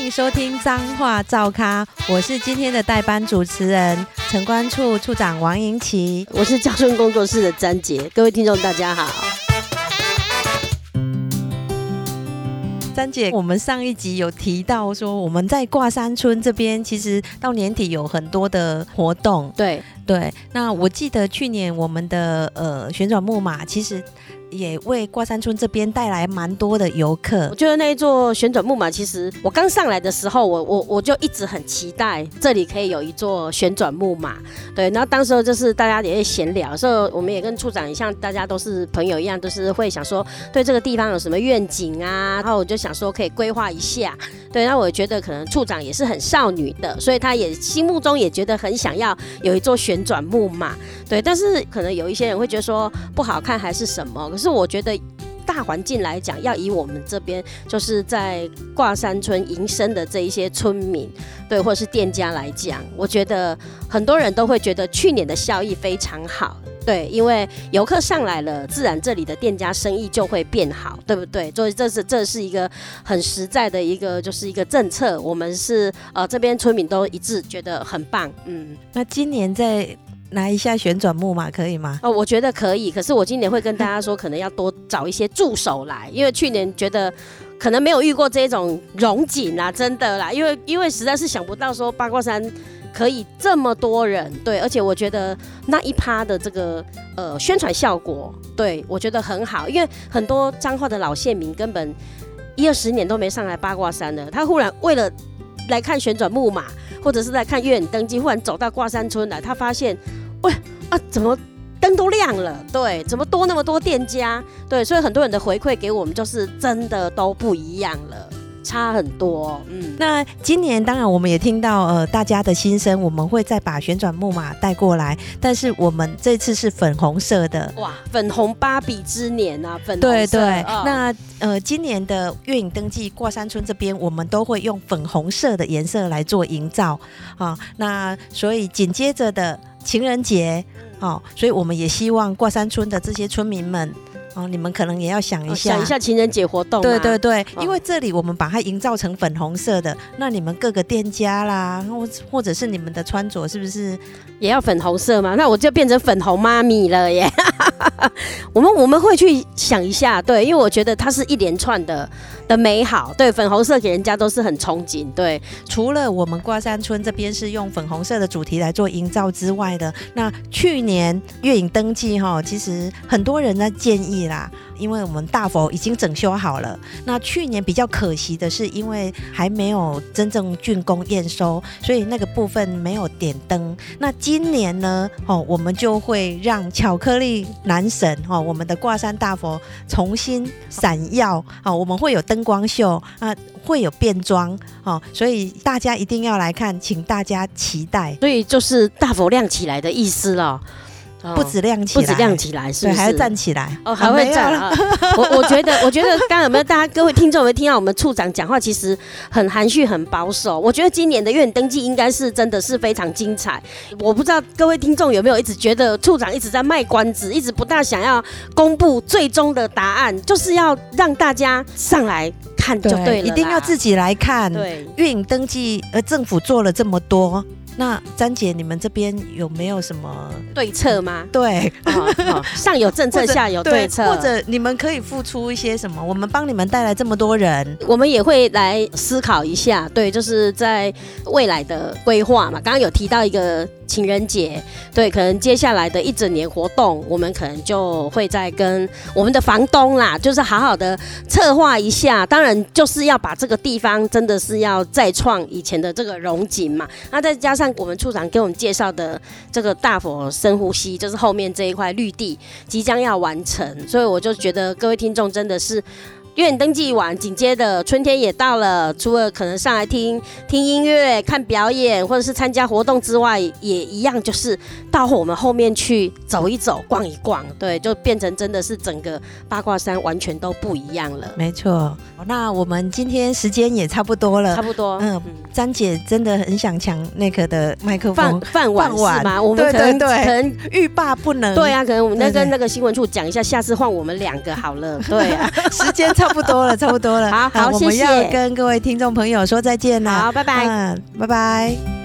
歡迎收聽《彰話噪咖》，我是今天的代班主持人，城觀處處長王銀琪。我是家村工作室的詹姐，各位聽眾大家好。詹姐，我們上一集有提到說，我們在卦山村這邊，其實到年底有很多的活動，對對。那我記得去年我們的呃旋轉木馬，其實。也為卦山村這邊帶來蠻多的遊客。我覺得那一座旋轉木馬，其實我剛上來的時候我，我我我就一直很期待這裡可以有一座旋轉木馬。對，然後當時候就是大家也會閒聊，所以我們也跟處長也像大家都是朋友一樣，都是會想說對這個地方有什麼願景啊？然後我就想說可以規劃一下。對，那我覺得可能處長也是很少女的，所以他也心目中也覺得很想要有一座旋轉木馬。對，但是可能有一些人會覺得說不好看還是什麼。可是我覺得，大環境來講，要以我們這邊就是在卦山村營生的這一些村民，對，或是店家來講，我覺得很多人都會覺得去年的效益非常好，對，因為遊客上來了，自然這裡的店家生意就會變好，對不對？所以這是這是一個很實在的一個，就是一個政策，我們是呃這邊村民都一致覺得很棒，嗯，那今年在。拿一下旋轉木馬可以嗎？哦，我覺得可以。可是我今年會跟大家說，可能要多找一些助手來，因為去年覺得可能沒有遇過這種榮景啦、啊，真的啦。因為因為實在是想不到說八卦山可以這麼多人，對。而且我覺得那一趴的這個呃宣傳效果，對我覺得很好，因為很多彰化的老縣民根本一二十年都沒上來八卦山了，他忽然為了來看旋轉木馬，或者是來看月影燈季，忽然走到卦山村來，他發現。喂啊，怎麼燈都亮了？對，怎麼多那麼多店家？對，所以很多人的回饋給我們就是真的都不一樣了，差很多。嗯，那今年當然我們也聽到呃大家的心聲，我們會再把旋轉木馬帶過來，但是我們這次是粉紅色的。哇，粉紅芭比之年啊，粉紅色對，對對。哦、那呃今年的月影燈季卦山村這邊我們都會用粉紅色的顏色來做營造啊，那所以緊接着的，情人節，哦，所以我們也希望卦山村的這些村民們。哦，你們可能也要想一下，想一下情人節活動、啊。對對對，哦、因為這裡我們把它營造成粉紅色的，那你們各個店家啦，或或者是你們的穿着是不是也要粉紅色嘛？那我就變成粉紅媽咪了耶。 我們我們會去想一下，對，因為我覺得它是一連串的的美好。對，粉紅色給人家都是很憧憬。對，除了我們卦山村這邊是用粉紅色的主題來做營造之外的，那去年月影燈季哈，其實很多人在建議。啦，因為我們大佛已經整修好了。那去年比較可惜的是，因為還沒有真正竣工驗收，所以那個部分沒有點燈。那今年呢，哦，我們就會讓巧克力男神哦，我們的卦山大佛重新閃耀啊，哦，我們會有燈光秀啊，會有變裝哦，所以大家一定要來看，請大家期待。所以就是大佛亮起來的意思了。不止亮起，不止亮起來，對，還要站起來。哦，還會站。啊、 我我覺得，我覺得剛剛有沒有大家各位聽眾有沒有聽到我們處長講話？其實很含蓄，很保守。我覺得今年的月影燈季應該是真的是非常精彩。我不知道各位聽眾有沒有一直覺得處長一直在賣關子，一直不大想要公布最終的答案，就是要讓大家上來看就對了對。一定要自己來看。對，月影燈季，而政府做了這麼多。那詹姐，你們這邊有沒有什麼對策嗎？嗯、對、哦哦，上有政策，或者下有對策，對，或者你們可以付出一些什麼？我們幫你們帶來這麼多人，我們也會來思考一下。對，就是在未來的規劃嘛。剛剛有提到一個情人節，對，可能接下來的一整年活動，我們可能就會再跟我們的房東啦，就是好好的策劃一下。當然，就是要把這個地方真的是要再創以前的這個榮景嘛。那再加上，像我們處長給我們介紹的這個大佛深呼吸，就是後面這一塊綠地即將要完成，所以我就覺得各位聽眾真的是。因為你登記完，緊接着春天也到了。除了可能上來聽聽音樂、看表演，或者是參加活動之外，也一樣就是到我們後面去走一走、逛一逛。對，就變成真的是整個八卦山完全都不一樣了。沒錯。那我們今天時間也差不多了。差不多。呃、嗯，詹姐真的很想搶那個的麥克風。飯飯碗，碗是嗎？我們可能對對對，可能欲罷不能。對啊，可能我們那跟那個新聞處講一下，對對對，下次換我們兩個好了。對、啊， 時間。 差不多了，差不多了。 好，好嗯、好，我們要跟各位聽眾朋友說再見了。 好，拜拜，嗯、拜拜。